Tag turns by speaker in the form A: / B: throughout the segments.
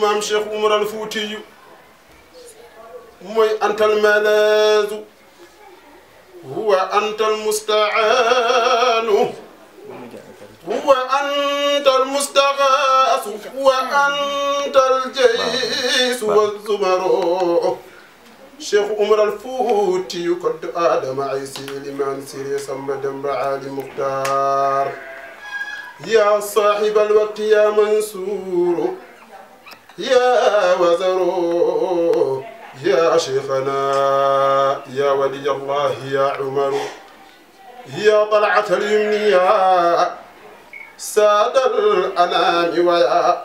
A: maam Cheikh Umar al Fuutiyu mooy antal malaazu huwa antal mustaanu huwa antal mustagaasu huwa antal jaysu wa zumaroo cheikhu umar al fuuti yu kodd aadama ay si limaan siri samba demba ali muxtaar yaa saaxibal waqti yaa mansuuru yaa wazaroo يا شيخنا يا ولي الله يا عمر يا طلعة اليمن يا ساد الأنام ويا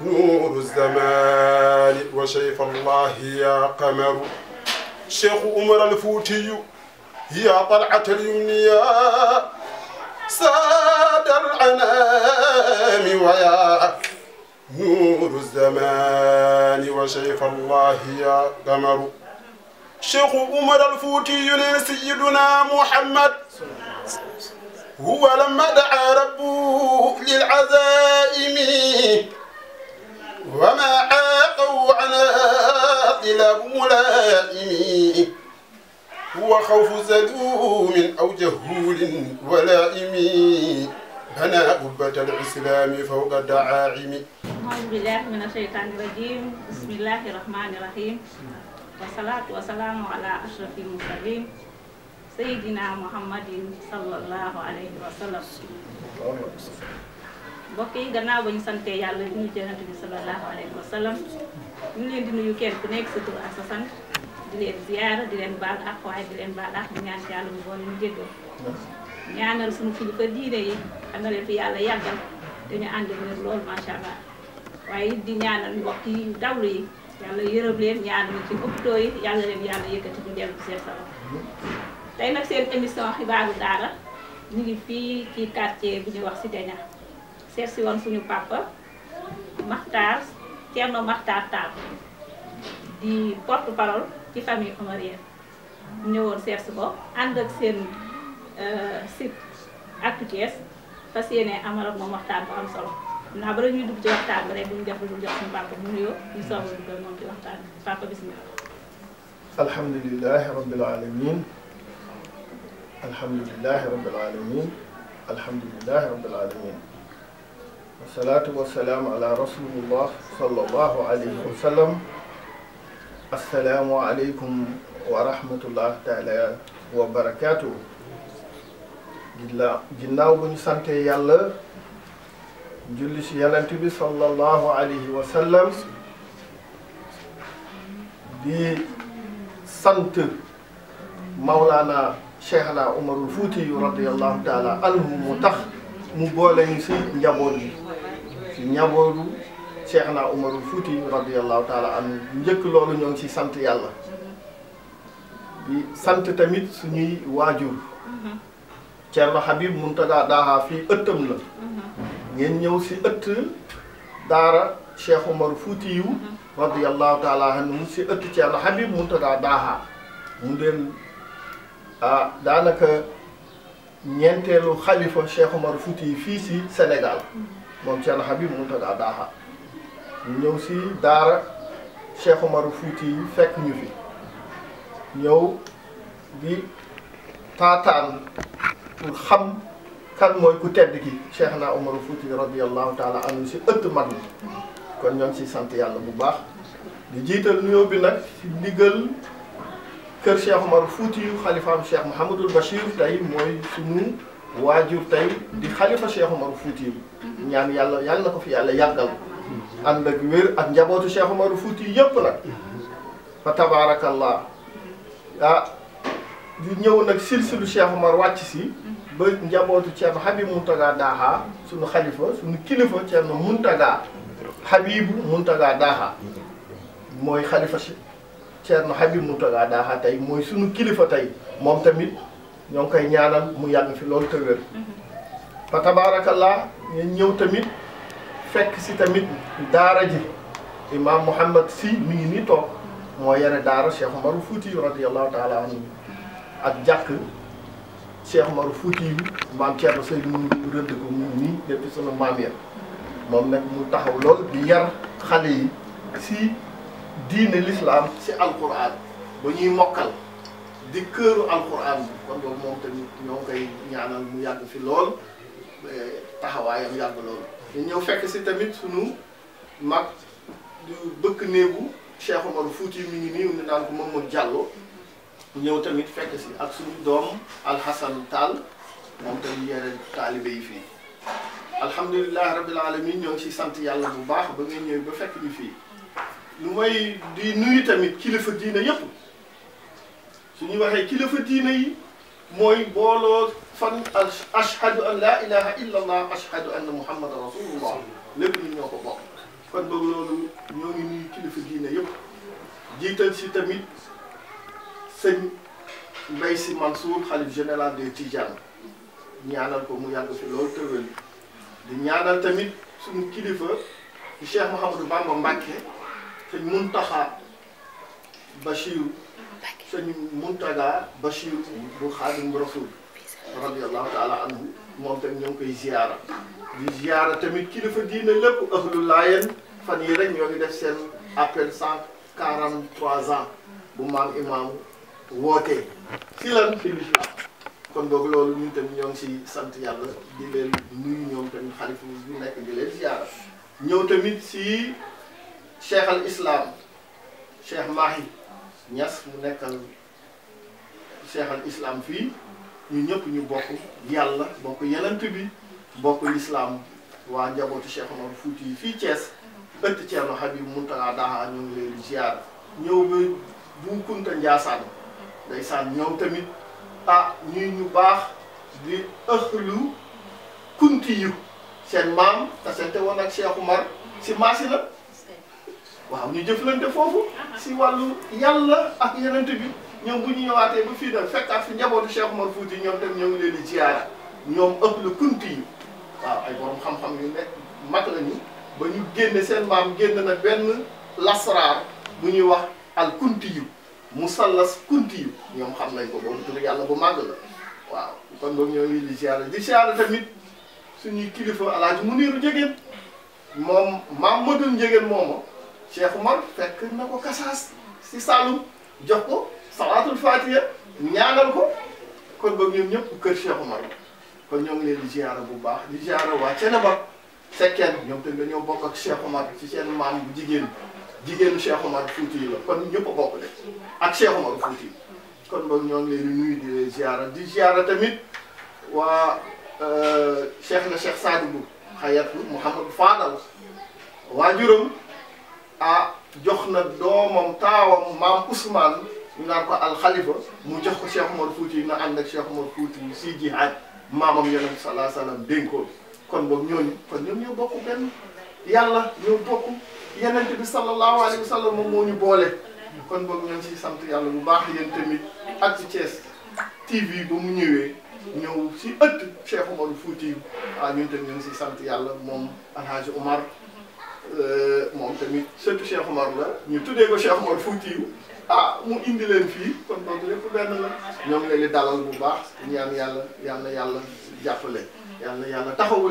A: نور الزمان وشيخ الله يا قمر شيخ عمر الفوتي يا طلعة اليمن يا ساد الأنام ويا نور الزمان وشيخ الله يا قمر شيخ عمر الفوتي سيدنا محمد هو لما دعا ربه للعزائم وما عاقوا على طلب ملائم هو خوف زلوم أو جهول ولائم بنى قبة الإسلام فوق الدعاعم
B: أعوذ بالله من الشيطان الرجيم بسم الله الرحمن الرحيم والصلاة والسلام على أشرف المرسلين سيدنا محمد صلى الله عليه وسلم mbokk yi gannaaw ba ñu sante yàlla ñu jënante bi sallallahu alayhi wa sallam ñu leen di nuyu kenn ku nekk sa sant di leen ziyaara di leen baal ak waaye di leen baal ak ñaan yàlla mu boole ñu jéggoo ñaanal suñu kilifa diine yi xam na leen fi yàlla yàggal te ñu ànd ak ñoom loolu macha allah waaye it yi dawlu yi yàlla yërëm leen ñaanal ci hôpitaux yi yàlla leen yàlla yëkkati ñu dellu seen sabab. tey nag seen émission xibaaru daara ñu ngi fii ci quartier bu ñuy wax Cité Niakh seet suñu papa Makhtar Thierno di porte parole ci famille omarienne ñëwoon ko ànd ak seen. Euh, site Actu Thiès fas yéene amal ak moom waxtaan bu am solo naa bala ñuy dugg ci waxtaan bi rek bu ñu def lu jox suñu papa mu nuyoo ñu soog a duggal moom ci waxtaan bi papa bisimilah.
C: alhamdulilah rabil aalamiin alhamdulilah rabil aalamiin alhamdulilah rabil aalamiin. wasalaatu wasalaam ala rasulillah sallallahu alayhi wa sallam asalaamualeykum wa rahmatullah taala wa barakaatuhu. la ginnaaw bu ñu sante yàlla julli ci yonent bi sallallahu alayhi wa sallam sant Maulana Cheikhna Umarul Fuuti yu radiyallahu taala anhu mu tax mu boole ñu ci njaboot bi ci njabootu Cheikhna Umarul Fuuti yu radiyallahu taala anhu njëkk loolu ñoo ngi ci sant yàlla sant tamit suñuy waajur
D: mm-hmm.
C: Thierno Habib Mountaga Daha fii ëttam la ngeen ñëw si ëtt daara Cheikh Omar Foutiyou radiyallahu taala anhu si ëtt Thierno Habib Mountaga Daha mu deen ah daanaka ñeenteelu xalifa Cheikh Omar Foutiyou fii si senegal moom Thierno Habib Mountaga Daha ñu ñëw si daara Cheikh Omar Foutiyou fekk ñu fi ñëw di taataan pour xam kan mooy ku tedd ki Cheikh na Omar Fouti radiyallahu taala anhu si ëtt mag ñi kon ñoo ngi siy sant yàlla bu baax di jiital nuyoo bi nag si ndigal kër Cheikh mar Fouti yu xalifaam Cheikh Mouhamadul Bachir tey mooy sunu waajur tey di xalifa Cheikh Omar Fouti yu ñaan yàlla yàlla na ko fi yàlla yàggal ànd ak wér ak njabootu Cheikh Omar Fouti yëpp nag fa tabaarakallah ah. di ñëw nag silsilu Cheikh Omar wàcc si mhm. ba njabootu Cheikh Habib Mountaga Daha suñu xalifa suñu kilifa Cheikh Mountaga Habib Mountaga Daha mooy xalifa Cheikh Habib Mountaga Daha tey mooy suñu kilifa tey moom tamit ñoo ngi koy ñaanal mu yàgg fi loolu te wér mhm. fa ñëw tamit fekk si tamit daara ji imam Mouhamed si mi ngi nii toog moo yore daara Cheikh Omar Fouti radiyallahu taala anhu ak jàkk Cheikh Oumar Foutiyou maam Thierno Seydou mu rëdd ko mu nii depuis sunu maam ya moom nag mu taxaw lool di yar xale yi si diine l'islam si alquran ba ñuy mokkal di këru alquran bi kon boobu moom tamit ñoo koy ñaanal mu yàgg fi lool taxawaayam yàgg lool. ñu ñëw fekk si tamit sunu mag du bëkk néegu Cheikh Oumar Foutiyou mi ngi nii ñu naan ko Mamadou Diallo. ñëw tamit fekk si ak suñu doom alxasan taal moom tamit yore taalibe yi fii alhamdulilah rabbil alamin ñoo si sant yàlla bu baax ba ngay ñëw ba fekk ñu fii lu may di nuyu tamit kilifa diine yëpp suñu waxee kilifa diine yi mooy booloo fan ashhadu an la ilaha allah ashhadu anna muhammadan rasulullah lépp ñun ñoo ko bokk kon si tamit sëñ Mbaye Sy Mansour xalif général des Tidianes ñaanal ko mu yàgg fi loolu tëwal di ñaanal tamit suñu kilifa di Cheikh Mouhamadou Bamba Mbacké sëñ Mountakha Bachir sëñ Mountaga Bachir bu Xaadim Rasul radiyallahu taala anhu moom tamit ñoo koy ziyaara di ziyaara tamit kilifa diine lépp ahlu laayeen fan yi rek ñoo ngi def seen appel cent quarante trois ans bu maam imaamu wootee si lan si lislaam kon boog loolu ñun tamit ñoo si sant yàlla di leen nuyu ñoom tamit xalifa bu nekk di leen ziyaara ñëw tamit si cheikh al islam cheikh Mahi Niass mu nekkal cheikh al islam fii ñu ñëpp ñu bokk yàlla bokk yenant bi bokk lislaam waa njabootu cheikh Omar Fouti yi fii Thiès ëtt Thierno Habib Mountaga Daha ñoo ngi leen di ziyaara ñëw ba bu Kunta Njaasaan ndeysaan ñoom tamit ah ñuy ñu baax di ëxlu kunti yu seen maam tasante woon ak Cheikh Umar si maasi la waaw ñu jëflante foofu si wàllu yàlla ak yenent bi ñoom bu ñu ñëwaatee ba fii nag fekkaat fi njabootu Cheikh Umar Fouti ñoom tam ñoo ngi leen di ziyaara ñoom ëxlu kunti yu waaw ay boroom xam-xam yu nekk mat la ñu ba ñu génne seen maam génn na benn lasraar bu ñuy wax al kunti yu musallas kunti yu ñoom xam nañ ko boobu tur yàlla bu màgg la waaw kon boog ñoo ngi di siyaare di siyaare tamit suñuy kilifa alaaji mu niiru njegéen moom maam madun moom mooma Cheikh Umar fekk na ko kasaas si Saalum jox ko salaatul fatiha ñaanal ko kon boog ñoom ñëpp kër Cheikh Umar mar kon ñoo ngi leen di siyaare bu baax di siyaare waa Ceneba sekkeen ñoom tamit dañoo bokk ak Cheikh Umar ci seen maam bu jigéen jigéenu Cheikh Omar Fouti yi la kon ñëpp a bokk de ak Cheikh Omar Fouti yi kon boog ñoo ngi leen di di leen ziara di ziara tamit waa euh, Cheikh na Cheikh Sadibou Hayatou Mouhamadou Fadal waajuram ah jox na doomam taawam maam Ousmane ñu naan ko alxalifa mu jox ko Cheikh Omar Fouti yi na ànd ak Cheikh Omar Fouti yi si jihaad maamam yonent salaa salaam dénkoon kon boog ñooñu kon ñoom ñoo bokk benn yàlla ñoo bokk. yenent bi sallallahu alayhi wa sallam moom moo ñu boole kon boog ñoo ngi ciy sant yàlla bu baax yéen tamit ak ci Thiès TV ba mu ñëwee ñëw si ëtt Cheikh Omarou Fouti waaw ah, ñun tamit ñoo ngi ciy sant yàlla moom Alhaji Omar euh, moom tamit surtout Cheikh Omar la ñu tuddee ko Cheikh Omar Fouti ah mu indi leen fii kon boog lépp benn la ñoom léegi dalal bu baax ñaan yàlla yàlla yàlla jàppale yàlla yàlla taxawu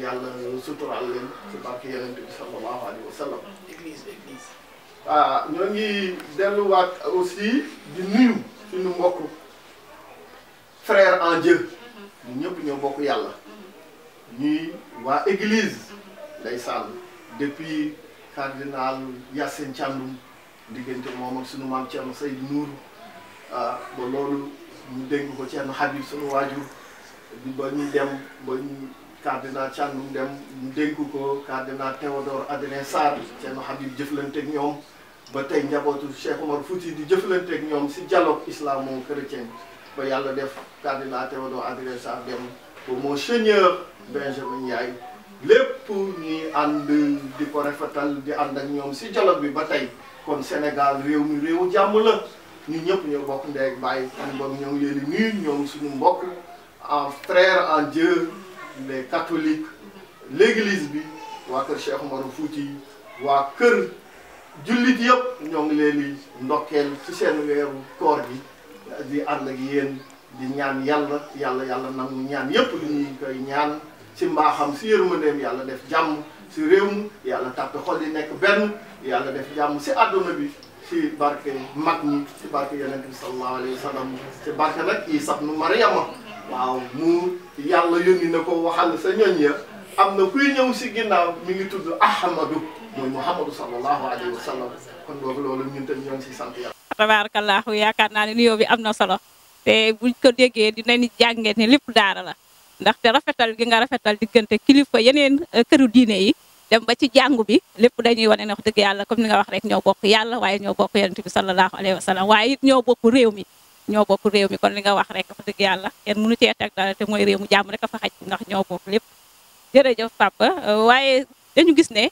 C: yàlla suturaal leen ci barke yonent bi sallallahu alayhi wa sallam église église waaw ah, ñoo ngi delluwaat aussi di nuyu suñu mbokk frère en Dieu mm-hmm. ñu ñëpp ñoo bokk yàlla mm-hmm. ñuy waa église mm-hmm. ndeysaan depuis cardinal Yacine Thiandoum diggante moom ak sunu maam Thierno Seydou Nour ah ba loolu ñu dénk ko Thierno Habib sunu waajur ba ñu dem ba ñu cardinal Thiandoum dem mu dénk ko cardinal Théodore Adrien Sarr Thierno Habib jëflanteeg ñoom ba tey njabootu Cheikh Omar Fouti di jëflanteeg ñoom si dialogue islamo-chrétien ba yàlla def cardinal Théodore Adrien Sarr dem ba monseigneur Benjamin Ndiaye lépp ñuy ànd di ko rafetal di ànd ak ñoom si dialogue bi ba tey kon Sénégal réew mi réewu jàmm la ñu ñëpp ñoo bokk ndey ak bàyyi kon boog ñoo ñoom suñu mbokk en frère en les catholiques l'église bi waa kër Cheikh Omarou Fouti waa kër jullit yëpp ñoo ngi leen di ndokkeel ci seen weeru koor bi di ànd ak yéen di ñaan yàlla yàlla yàlla nangu ñaan yëpp li ñuy koy ñaan ci mbaaxam si yërmandeem yàlla def jàmm si réew mi yàlla tàppe xol yi nekk benn yàlla def jàmm si àdduna bi si barke mag ñi si barke yonent bi sallallahu alayhi wa sallam si barke nag yi sax nu Mariama waaw mu yàlla yónni na ko waxal sa ñoñ ya am na kuy ñëw si ginnaaw mi ngi tudd Ahmadu mooy Muhammadu sallallahu alayhi wa sallam
B: yaakaar naa ne nuyoo bi am na solo te buñ ko déggee ni jàngee ne lépp daara la ndaxte rafetal gi nga rafetal diggante kilifa yeneen eh, këru diine yi. dem ba ci jàngu bi lépp dañuy wane a wax dëgg yàlla comme ni nga wax rek ñoo bokk yàlla waaye ñoo bokk yonent bi sallallahu alayhi wa sallam waaye ñoo bokk réew mi ñoo bokk réew mi kon li nga wax rek wax dëgg yàlla kenn mënu cee teg dara te mooy réew mu jàmm rek a fa xaj ndax ñoo bokk lépp jërëjëf papa waaye dañu gis ne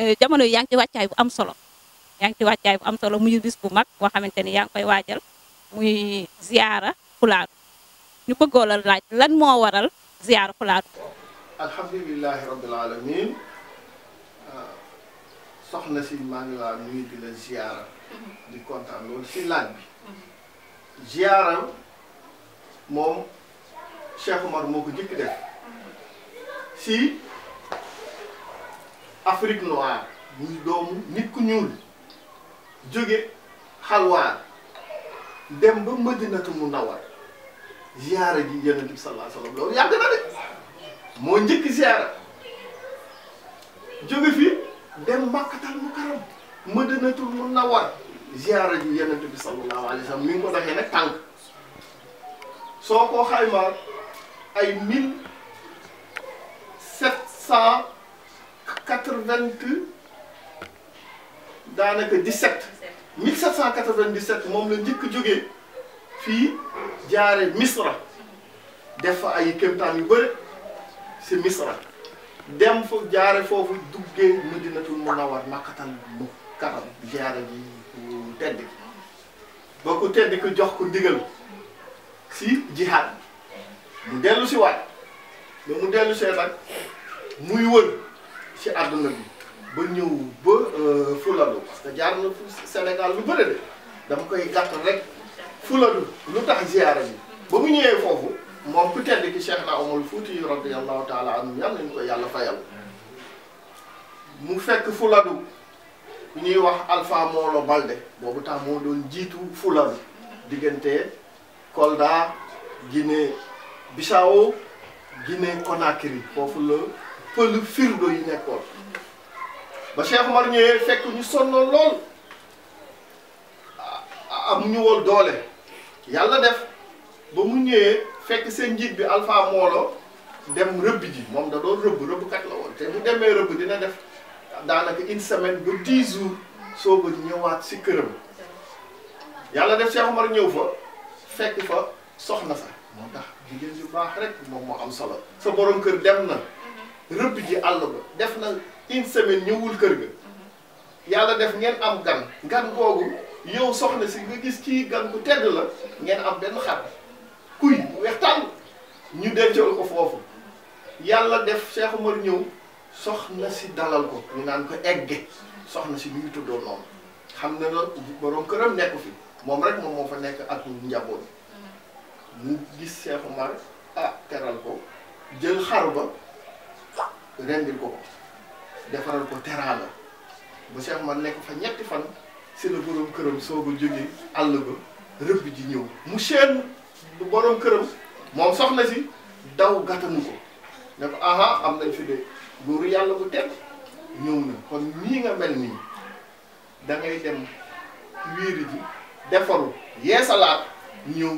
B: eh, jamono yi yaa ngi ci bu am solo yaa ngi ci wàccaay bu am solo muy bis bu mag boo xamante ni yaa koy waajal muy ziyaara Pulaar ñu bëggoo laaj lan moo waral ziyaara Pulaar
C: alhamdulilahi rabbil alamin ah, soxna si maa laa nuyu di la ziyaara di kontaan loolu si laaj ziyaaram moom Cheikh Omar moo ko njëkk def si Afrique noire muy doomu nit ku ñuul jóge xalwaar dem ba Madinatu Munawwar ziyaara ji Yonent bi sallallahu alayhi wa sallam loolu yàgg na de moo njëkk ziyaara jóge fi dem Makkatal Mukarram Madinatul Munawwar ziyaara ju yonent bi sallallahu alayhi wa sallam mi ngi ko doxee nag tànk soo ko xaymaa ay mille sept cent quatre-vingt daanaka 17 1797 moom la njëkk jógee fii jaare Misra def fa ay kéemtaan yu bëri si Misra dem fa jaare foofu duggee Madinatul Munawwar Makkatal Mukarram jaare ji tedd ki ba ku tedd ki jox ko ndigal si jihaad mu dellu si waat ba mu dellu see nag muy wër ci àdduna bi ba ñëw ba euh, Fuladu parce que jaar na fu Sénégal lu bëri de dama koy gàtt rek Fuladu lu tax ziyaara bi ba mu ñëwee foofu moom ku tedd ki Cheikh na Umar Fuuti radiyallahu taala anhu yal nañu ko yàlla fayal mu fekk Fuladu ku ñuy wax Alpha Molo Balde boobu temps moo doon jiitu Fuladu diggante Kolda Guinée Bissau Guinée Conakry foofu la pël firdo yi nekkoon ba Cheikh Omar ñëwee fekk ñu sonnoon lool ah, am ñu woon doole yàlla def ba mu ñëwee fekk seen njiit bi Alpha Molo dem rëbb ji moom da doon rëbb rëbbkat la woon te bu demee rëbb dina def daanaka une semaine ba dix jours soog ñëwaat si këram yàlla def Cheikh Omar ñëw fa fekk fa soxna sa moo tax jigéen ju baax rek moom moo am solo sa borom kër dem na rëbb ji àll ba def na une semaine ñëwul kër gi yàlla def ngeen am gan gan googu yow soxna si nga gis ci gan ku tedd la ngeen am benn xat kuy weex tàll ñu dencal ko foofu yàlla def Cheikh Omar ñëw soxna si dalal ko ñu naan ko egge soxna si mi ngi tuddoo noonu xam na loolu borom këram nekku fi moom rek moom moo fa nekk ak njaboot mu gis Seex ah, ko jël xar ba rendil ko defaral ko teraanga bu Seex Umar nekk fa ñetti fan si la borom këram soo ko jógee àll ba rëbb ji ñëw mu seen bu moom soxna si daw gàttanu ko ne ko aha am nañ fi de nguuru yàlla bu tedd ñëw na kon nii nga mel nii dangay ngay dem wiiri ji defaru yeesalaat ñëw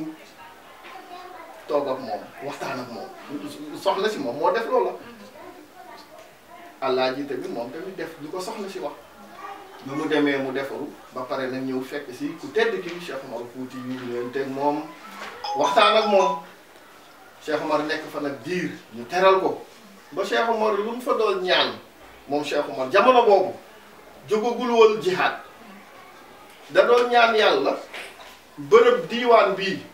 C: toog ak moom waxtaan ak moom soxna si moom moo def loola allah ji tamit moom tamit def ñu ko soxna si wax lu mu demee mu defaru ba pare nag ñëw fekk si ku tedd ki Cheikh Omar Fouti yi leen moom waxtaan ak moom Cheikh nekk fa nag biir ñu teral ko ba Cheikh Omar lu mu fa doon ñaan moom Cheikh Omar jamono boobu jógagul woon jihaad da doon ñaan yàlla bërëb diiwaan bii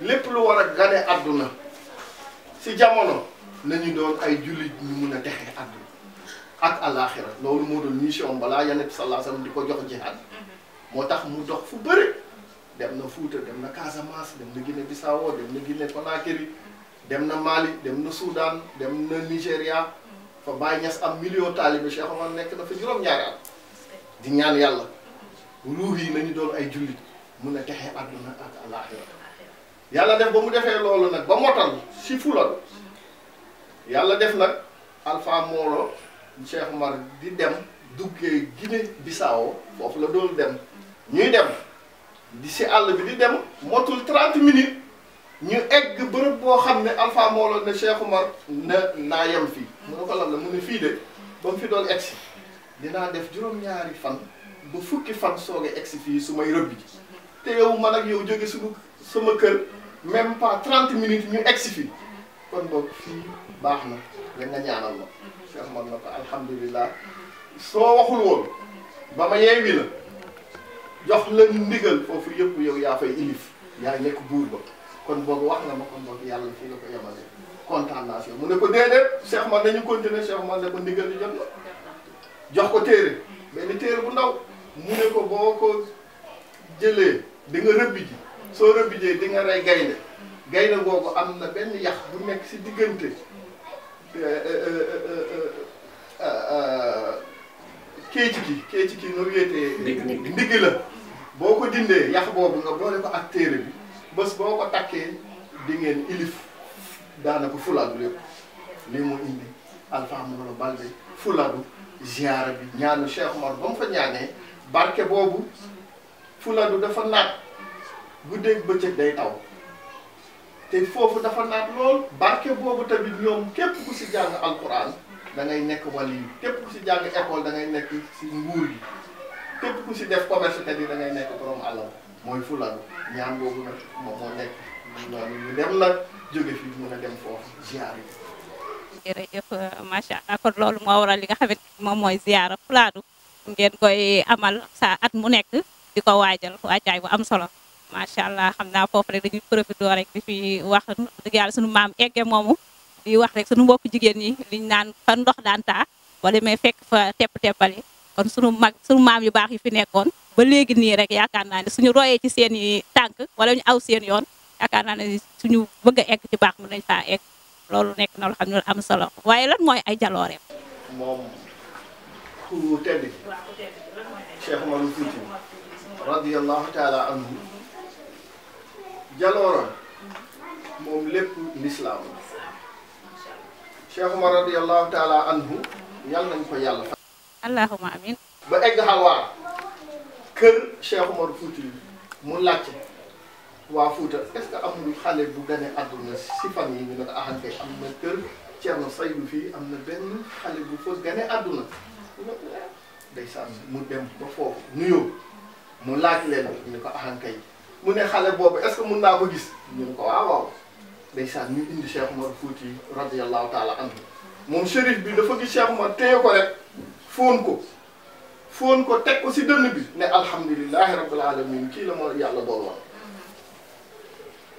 C: lépp lu war a gane àdduna si jamono nañu doon ay jullit ñu mun a dexe àdduna ak alaaxira loolu moo doon mission balaa yonent bi sallallahu alayhi di ko jox jihaad mhm. moo tax mu dox fu bëri dem na Fuuta dem na Casamance dem na Guinée Bissau dem na Guinée Conakry dem na Mali dem na Soudan dem na Nigéria fa Baye Niass am million taalibe Cheikh Omar nekk na fa juróom-ñaari di ñaan yàlla ruux yi lañu doon ay jullit mun a texee àdduna ak àllaaxira yàlla def ba mu defee loolu nag ba motal si fulal yàlla def nag Alpha Moro Cheikh Omar di dem duggee Guinée Bissau foofu la doon dem ñuy dem di si àll bi di dem motul 30 minutes ñu egg bërëb boo xam ne Alpha Mawlo ne Cheikh Umar na naa yem fii mu ne ko lan la mu ne fii de ba mu fi doon egsi dinaa def juróom-ñaari fan ba fukki fan sooge egsi fii su may rëbbi ji te yow man ak yow jóge suñu sama kër même pas 30 minutes ñu si fii kon boog fii baax na rek nga ñaanal ma Cheikh Umar na ko alhamdulilah soo waxul woon ba ma yeewi la jox la ndigal foofu yëpp yow yaa fay ilif yaa nekk buur ba kon boobu wax na ma kon boobu yàlla fii la ko yemale kontaan naa si mu ne ko déedéet Cheikh man dañu continuer Cheikh man ne ko ndigal li jot na jox ko téere benn téere bu ndaw mu ne ko boo ko jëlee di nga rëbbi soo rëbbi jee di nga gaynde gaynde googu am na benn yax bu nekk si diggante kii ci kii kii ci kii nu wéetee la boo ko dindee yax boobu nga boole ko ak téere bi bés boo ko takkee di ngeen ilif daanaka fulaadu lépp lii moo indi Alpha Mawla Balde fulaadu ziyaara bi ñaanu Cheikh Omar ba mu fa ñaanee barke boobu fulaadu dafa bu guddeeg bëccëg day taw te foofu dafa naat lool barke boobu tamit ñoom képp ku si jàng alquran da ngay nekk wàll yi képp ku si jàng école da ngay nekk si nguur gi képp ku si def commerce tamit da ngay nekk borom alal mooy fulaadu ñaan allah
B: kon loolu moo waral li nga xamante moom mooy ziara Fuladu ngeen koy amal sa at mu nekk di ko waajal waajaay bu am solo macha allah xam naa foofu rek dañuy profité rek di wax dëgg yàlla sunu maam egge moomu di wax rek sunu mbokk jigéen ñi liñ naan fa ndox daan taa wala may fekk fa tepp teppali kon sunu mag sunu maam yu baax yu fi nekkoon. ba léegi nii rek yaakaar naa ne suñu royee ci seeni tànk wala ñu aw seen yoon yaakaar naa ne suñu bëgg egg ci baax mu nañ faa loolu nekk na loo xam am solo waaye lan mooy ay
C: jalooreem. moom lépp lislaam Cheikh Oumar taala anhu yal nañ ko yàlla.
B: allahumma amin
C: ba egg xalwaar. kër Cheikh Omar Fouti mu laajte waa Fouta est ce que amul xale bu gane àdduna si fan yi ñu ne ko axante am na kër Thierno Seydou fii am na benn xale bu fa gane àdduna day sànn mu dem ba foofu nuyoo mu laaj leen ñu ko axankay mu ne xale boobu est ce mun naa ko gis ñu ne ko waaw waaw day sànn ñu indi Cheikh Omar Fouti radiyallahu taala anhu moom shérif bi dafa gis Cheikh Omar téye ko rek fóon ko fóon ko teg ko si dënn bi ne alhamdulilahi rabbil alamin kii la ma yàlla doon wax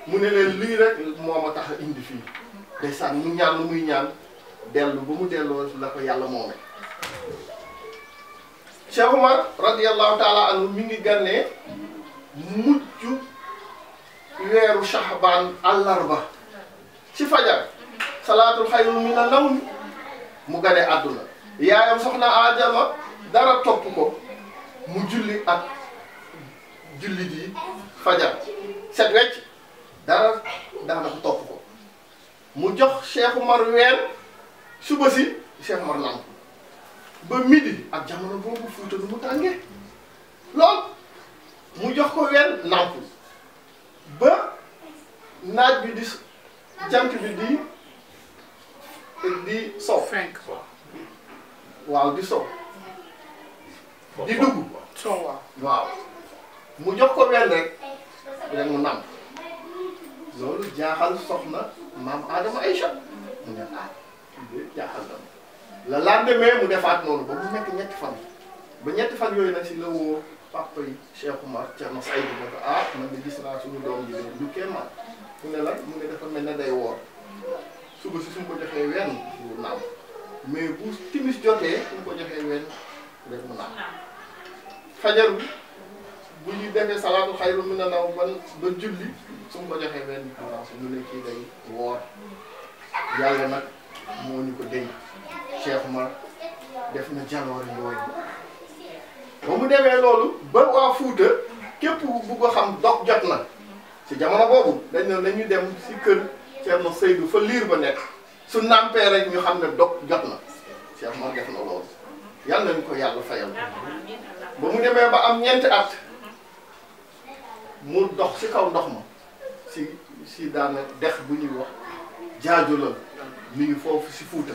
C: mu ne leen lii rek moo ma tax a indi fii ndeysaan mu ñaan lu muy ñaan dellu ba mu delloo la ko yàlla moome Cheikh Umar radiyallahu taala anhu mi ngi gànnee mujj weeru Shahbaan àllarba ci fajar salaatul xayru mina nawmi mu gane àdduna yaayam soxna Aadama dara topp ko mu julli ak jullit yi fajar set wecc dara daanaka topp ko mu jox Cheikh Umar weer suba si Cheikh Umar ba midi ak jamono boobu Fuuta mu tàngee lool mu jox ko weer nàmp ba naaj bi di jant bi di di sow. waaw di sow. di dugg waaw mu jox ko wenn rek rek mu nàmp loolu jaaxal soxna maam Adama Aïcha mu ne ah jaaxal na la mu defaat noonu ba mu nekk ñetti fan ba ñetti fan yooyu nag si la woo papa yi Cheikh Oumar Thierno Seydou ne ko ah man de gis naa suñu doom bi de du kéemaan mu ne lan mu ne dafa mel ne day woor suba si suñ ko joxee wenn mu nàmp mais bu timis jotee suñ ko joxee wenn rek mu nàmp fajar bi bu ñu defee salaatu xayru mi na naw man ba julli su ma ko joxee benn avance ñu ne kii day woor nag moo ñu ko dénk Cheikh Oumar def na jaloore yooyu ba mu demee loolu ba waa Fuuta képp bu ko xam dog jot na ci jamono boobu dañ ne nañu dem si kër Thierno Seydou fa liir ba nekk su nampee rek ñu xam ne dog jot na Cheikh Oumar def na loolu yàlla nañu ko yàlla fayal ba mu demee ba am ñeenti at mu dox si kaw ndox ma si si daana dex bu ñuy wax jaajo la mi ngi foofu si Fuuta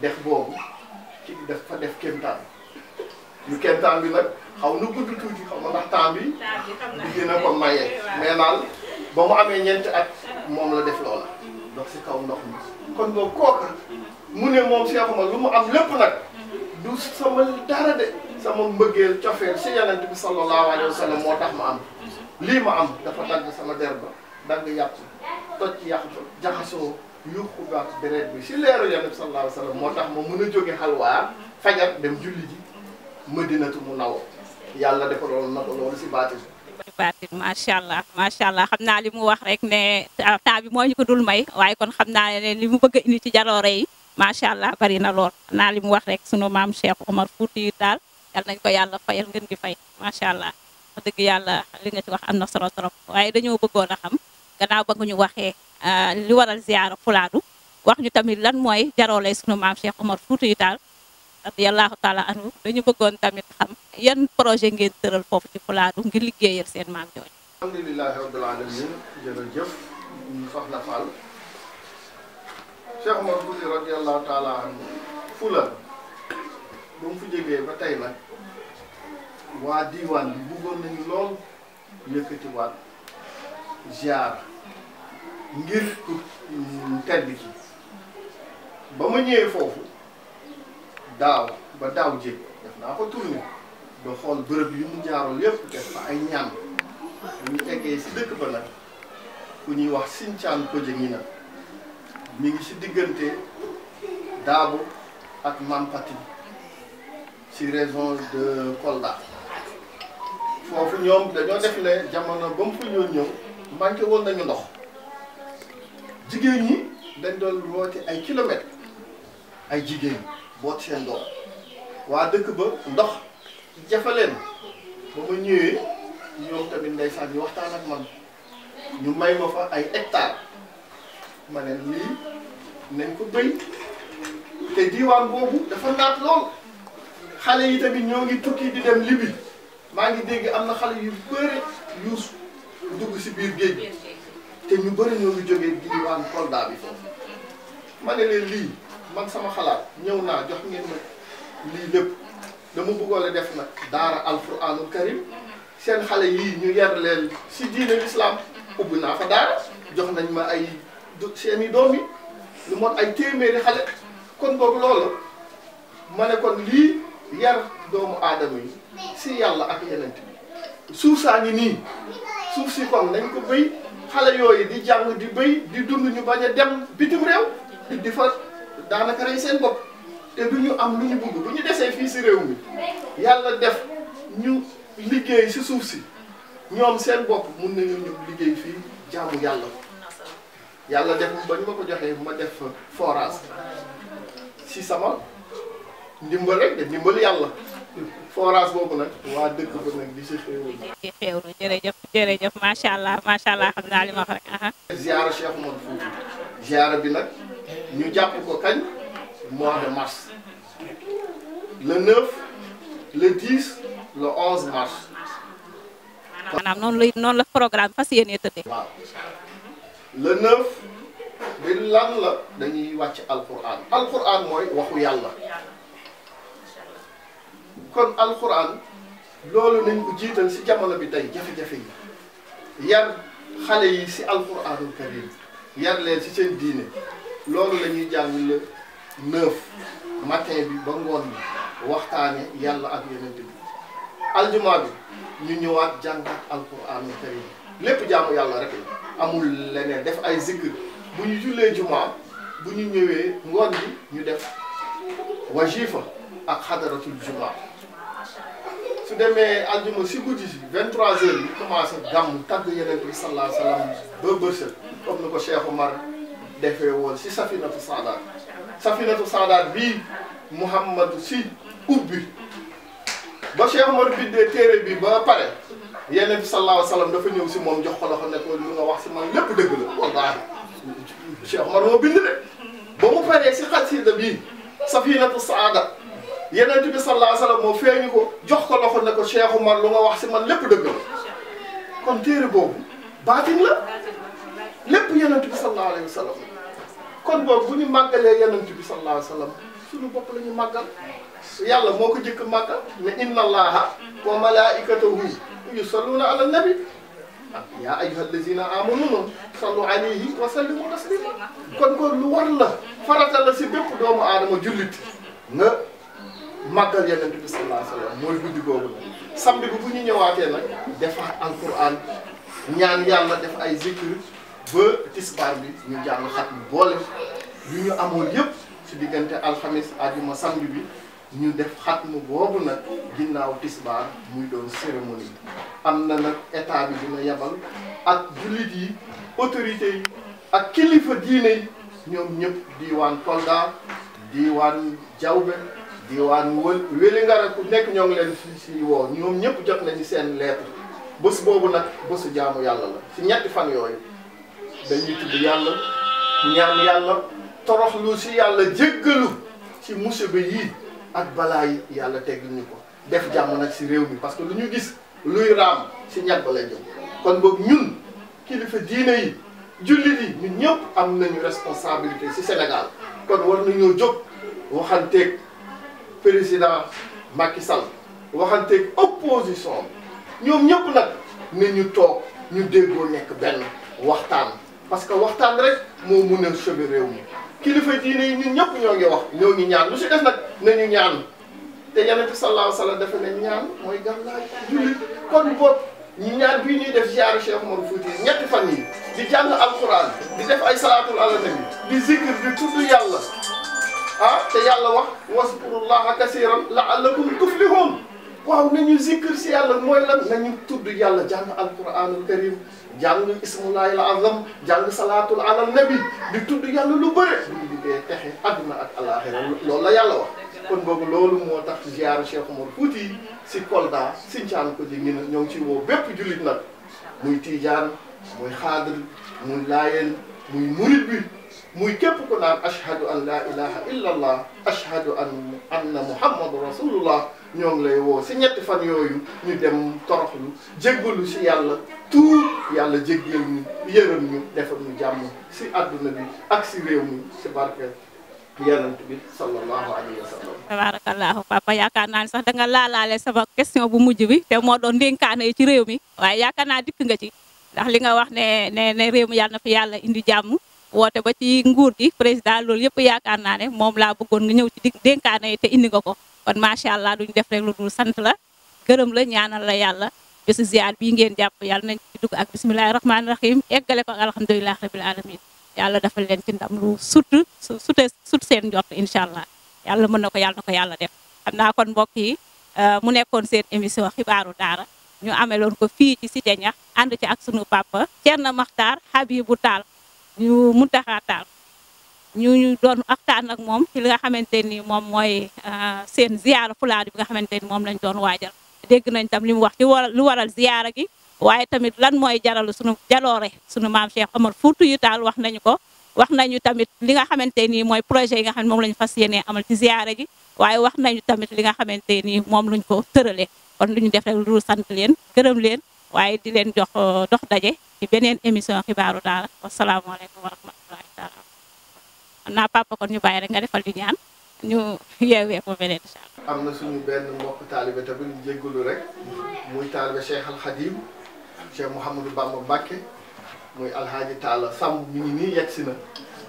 C: dex boobu ci dafa def kéemtaan ñu kéemtaan bi nag xaw na gudd tuuti xaw ma ndax temps bi
D: digg na ko maye mais naal
C: ba mu amee ñeenti at moom la def loola dox si kaw ndox mi kon boobu kooka mu ne moom seexuma lu mu am lépp nag du sama dara de sama mbëggeel cofeel si yonent bi wa sallam moo tax ma am lii ma am dafa dagg sama der ba dagg yàpp toj yàq jaxasoo yuqu baat deret bi si leeru yonent bi sallallahu alayhi wa sallam moo tax ma mën a jóge xalwaar fajar dem julli ji mu naw yàlla dafa na ko si baati
B: baatin allah macha allah xam naa li mu wax rek ne ah, temps bi moo ñu ko dul may waaye kon xam naa ne li mu bëgg indi ci jaloore yi macha allah bari na lool xam naa li mu wax rek sunu maam Cheikh Omar Fouti yàlla nañ ko yàlla fayal ngeen gi fay macha allah wax yàlla li nga ci wax am na solo trop waaye dañoo bëggoon a xam gannaaw ba nga ñu waxee ah, li waral ziara Fulaadu wax ñu tamit lan mooy jaroo lay sunu maam Cheikh Omar Fouti Tall radiyallahu taala anhu dañu bëggoon tamit xam yan projet ngeen tëral foofu ci Fulaadu ngir liggéeyal seen maam jooju.
C: alhamdulilahi rabbil alamin jërëjëf soxna Fall Cheikh Omar Fouti radiyallahu taala anhu Fula bu mu fi ba tey nag. waa diwaan bi bëggoon nañu lool yëkkatiwaat ziar ngir mm, tedd ki ba ma ñëwee foofu daaw ba daaw jéeg def naa ko tourné ba xool bërëb yu mu jaarul yépp def fa ay ñaan bu ñu eggee si dëkk ba nag ku ñuy wax sincaan ko jëngi na mi ngi si diggante Daabo ak Mampati ci région de Kolda foofu ñoom dañoo def ne jamono ba mu fa ñëw ñëw manqué woon nañu ndox jigéen ñi dañ doon rooti ay kilomètres ay jigéen boot seen doom waa dëkk ba ndox jafaleen ba ma ñëwee ñoom tamit ndeysaan ñu waxtaan ak man ñu may ma fa ay hectares ma ne lii nañ ko béy te diiwaan boobu dafa naat lool xale yi tamit ñoo ngi tukki di dem Libye maa ngi dégg am na xale yu bëri yuus dugg si biir géej gi te ñu bëri ñoo ngi jógee di waan Kolda bi foofu ma lii man sama xalaat ñëw naa jox ngeen lii lépp dama bëggoon a def na daara alquraanul karim seen xale yii ñu yar leen si diine lislaam ubbi naa fa daara jox nañ ma ay seen i doom yi lu mot ay téeméeri xale kon boog loolu ma ne kon lii yar doomu aadama yi si yàlla ak yeneen suuf saa ngi nii suuf si kon nañ ko béy xale yooyu di jàmm di béy di dund ñu bañ a dem bitim réew di fa daanaka rey seen bopp te du ñu am lu ñu bugg bu ñu desee fii si réew mi yàlla def ñu liggéey si suuf si ñoom seen bopp mun nañu ñu liggéey fii jaamu yàlla yàlla def ba ñu ma ko joxee ma def forage si sama ndimbal rek de ndimbal yàlla forage boobu nag waa dëkk ba nag di si xéewlu. di
B: xéewlu jërëjëf jërëjëf macha allah macha allah xam naa li ma wax rek.
C: ziara Cheikh Modou Fouti ziara bi nag ñu jàpp ko kañ mois de mars le 9 le 10 le 11 mars.
B: maanaam noonu la noonu la programme fas yéenee tëddee. waaw
C: le 9 bi lan la dañuy wàcc alquran alquran mooy waxu yàlla. kon alxuraan loolu nañ ko jiital si jamono bi tey jafe-jafe yi yar xale yi si alxuraanul karim yar leen si seen diine loolu la ñuy jàng le neuf matin bi ba ngoon bi waxtaane yàlla ak yonent bi aljuma bi ñu ñëwaat jàngat alxuraanul karim lépp jaamu yàlla rek amul leneen def ay zikr bu ñu jullee jumaa bu ñu ñëwee ngoon bi ñu def wajifa ak xadaratul jumaa su demee aljuma si guddi si 23 yi ñu commencé gàmm tàgg yeneen bi sallallahu alayhi wa ba bërsël comme ni ko Cheikh Omar defee woon si safinatu saadaat safinatu saadaat bii Mouhamadou si ubbi ba Cheikh Omar bindee téere bi ba pare yeneen bi sallallahu alayhi wa dafa ñëw si moom jox ko loxo ne ko lu nga wax si man lépp dëgg la wallaahi Cheikh Omar moo bind de ba mu paree si xasida bii safinatu saadaat yeneen bi sallallahu alayhi wa sallam moo feeñu ko jox ko loxo ne ko Cheikh Oumar lu nga wax si man lépp dëgg la kon téere boobu baatin la lépp yeneen bi sallallahu alayhi wa sallam kon boobu bu ñu màggalee yeneen bi sallallahu alayhi wa su suñu bopp la ñu màggal yàlla moo ko jëkk màggal ne inna allaha wa malaikatahu yusalluna ala nabi yaa ayyuha allazina amanu sallu alayhi wa sallimu taslima kon kon lu war la farata la si bépp doomu aadama jullit nga màggal yonent bi sallallahu alayhi wa sallam mooy guddi googu nag samedi bi bu ñu ñëwaatee nag defar alquran ñaan yàlla def ay zikir ba tisbaar bi ñu jàng xat mi boole lu ñu amoon yëpp ci diggante alxamis àjjuma samedi bi ñu def xat mu boobu nag ginnaaw tisbaar muy doon cérémonie am na nag état bi dina yebal ak jullit yi autorités yi ak kilifa diine yi ñoom ñëpp diiwaan Kolda diiwaan Diawbe diwaan wë wéli ngara ku nekk ñoo ngi leen fi si woo ñoom ñëpp jot nañu seen lettre bés boobu nag bésu jaamu yàlla la si ñetti fan yooyu dañuy tudd yàlla ñaan yàlla toroxlu si yàlla jéggalu ci musiba yii ak balaa yi yàlla teggal ñu ko def jàmm nag si réew mi parce que lu ñu gis luy raam si ñag ba kon boog ñun kilifa diine yi jullit yi ñun ñëpp am nañu responsabilité ci Sénégal kon war nañoo jóg waxanteeg président Macky Sall waxante opposition bi ñoom ñëpp nag ne ñu toog ñu déggoo nekk benn waxtaan parce que waxtaan rek moo mun a sauver réew mi kilifa diine yi ñun ñëpp ñoo ngi wax ñoo ngi ñaan lu si def nag nañu ñaan te yonent bi sallallahu alayhi wa sallam dafa ne ñaan mooy gàllaay jullit kon boog ñu ñaan bii ñuy def ziaru Cheikh Oumar Fouti ñetti fan yi di jàng alquran di def ay salaatul ala nabi di zikr di tudd yàlla ah te yàlla wax waskurullaha kasiran laallakum tuflihun waaw nañu zikr si yàlla mooy lan nañu tudd yàlla jàll jàng alquranul karim jàng ismullahil azam jàng salaatul ala nabi di tudd yàlla lu bëre buñu liggéey texe adduna ak alaxira loolu la yàlla wax kon boobu loolu moo tax ziaru Cheikh Omar Fouti si Kolda si Njaan ko ji ngi ne ñoo ngi ci woo bépp jullit nag muy Tijaan muy xaadir muy laayeen muy murit bi muy képp ku naan ashhadu an laa ilaha illa ashhadu an anna muhammadu rasulullah ñoo ngi lay woo si ñetti fan yooyu ñu dem toroxlu jéggalu si yàlla tuub yàlla jéggal ñu yërëm ñu defal ñu jàmm si àdduna bi ak si réew mi si barke yonent bi sallallahu alayhi wa sallam
B: tabarakallahu papa yaakaar naa ni sax da nga laalaale sama question bu mujj bi te moo doon dénkaane yi ci réew mi waaye yaakaar naa dikk nga ci ndax li nga wax ne réew mi yàlla fi yàlla indi jàmm woote ba ci nguur gi président loolu yëpp yaakaar naa ne moom laa bëggoon nga ñëw ci dig dénkaane yi te indi nga ko kon macha allah ñu def rek lu dul sant la gërëm la ñaanal la yàlla bésu ziar bii ngeen jàpp yàlla nañ ci dugg ak bisimilahi rahmaani rahim eggale ko ak alhamdulilah rabil alamin yàlla dafa leen ci ndam lu sut sute sut seen njort incha allah yàlla mën na ko yàlla na ko yàlla def xam naa kon mbokk yi euh, mu nekkoon seen émission xibaaru daara ñu ameloon ko fii ci Cité Niakh ànd ci ak sunu papa Thierno Makhtar Habibou Tall ñu Mountakha Tall ñu doon waxtaan ak moom ci li nga xamante ni moom mooy ah, seen ziyaara Fulaadu bi nga xamante ni moom lañ doon waajal dégg nañ tam li mu wax ci waral lu waral ziyaara gi waaye tamit lan mooy jaralu sunu jaloore sunu maam Cheikh Omar Foutiyou Tall wax nañu ko wax nañu tamit li nga xamante ni mooy projet yi nga xam ne moom lañu fas yéenee amal ci ziyaara gi waaye wax nañ tamit li nga xamante ni moom luñ ko tëralee kon lu ñu def rek lu sant leen gërëm leen waaye di leen jox dox daje ci beneen émission xibaaru daara wasalaamaaleykum wa rahmatulahi taala xam naa papa kon ñu bàyyi rek nga defal di ñaan ñu yeewee ko beneen incha
C: allah am na suñu benn mbokk taalibe tamit ñu rek muy taalibe Cheikh Al Khadim Cheikh Mouhamadou Bamba Mbacké muy alhaaji taala sàmm mi nii yegg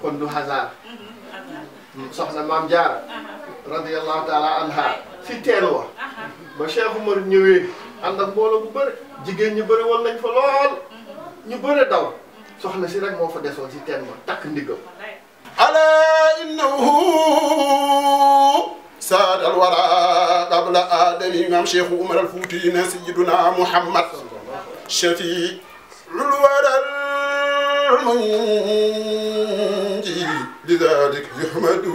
C: kon du hasard
D: mm-hmm.
C: soxna maam Jaara uh-huh. radiyallahu taala anha si teel wa
D: uh-huh.
C: ba Cheikh Umar ñëwee ànd ak mbooloo bu jigéen ñi bëri woon nañ fa lool ñu bëre daw soxna si rek moo fa desoon si teen ala
A: innahu saad al qabla aadami imam cheikh umar al fuuti na muhammad shafi lul waral munji lidalik yuhmadu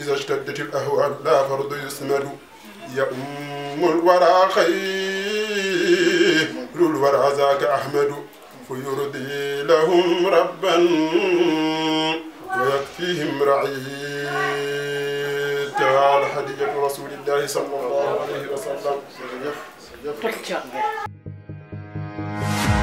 A: إذا اشتدت الأهوال لا فيرضي لهم ربا ويكفيهم رعيتا
D: على حديقة رسول الله صلى الله عليه
A: وسلم